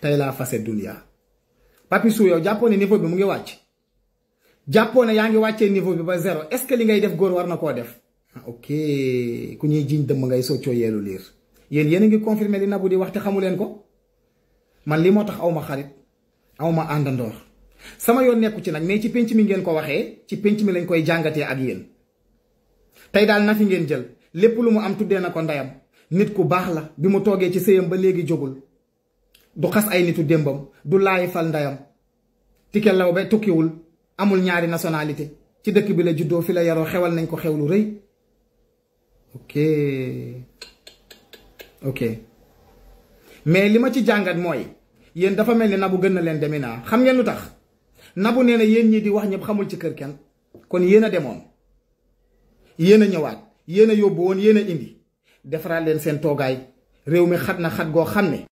tey laa fase dunia Papichou yow jàppoo ne niveau bi mu ngi wàcc jàppoo ne yaa ngi wàccee niveau bi ba zéro est-ce que li ngay def góor war na koo def ah ok ku ñuy jiiñ dëmm ngay soccoo yeelu liir yéen yéen a ngi confirmé li Nabou di wax te leen ko man li moo tax aw ma xarit aw ma àndandoor sama yoon nekku ci nag mais ci pénc mi ngeen ko waxee ci pénc mi lañ koy jàngatee ak yéen tey daal na fi ngeen jël lépp lu mu am tuddee na ko ndeyam nit ku baax la bi mu toogee ci sëyam ba léegi jógul du xas ay nitu démbam du laay fal ndayam Tické Laobé tukkiwul amul ñaari nationalité ci dëkk bi la juddoo fi la yaroo xewal nañ ko xew lu rëy ok ok mais li ma ci jàngat mooy yéen dafa mel ni nabu gën na leen demi naa xam ngeen lu tax nabu nee na yéen ñii di wax ñëpp xamul ci kër kenn kon yéen a demoon yéen a ñëwaat yéen a yóbbu woon yéen indi defaraat leen seen toogaay réew mi xat na xat goo xam ne